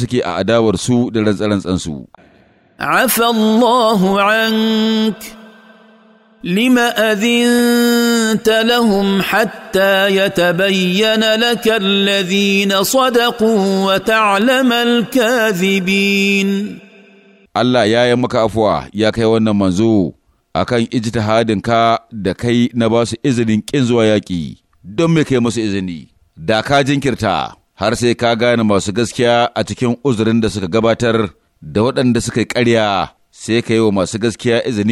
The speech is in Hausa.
suke a adawarsu da rantsarantsansu. afallahu ank lima azinta lahum hatta ya tabayyana laka alladhina sadaku wa ta'lamal kazibin. Allah ya yi maka afuwa ya kai wannan manzo akan ka da kai na ba su izinin ƙin zuwa yaƙi don me kai masu izini da ka jinkirta. har sai ka gane masu gaskiya a cikin uzurin da suka gabatar da waɗanda suka yi ƙarya sai ka yi wa masu gaskiya izini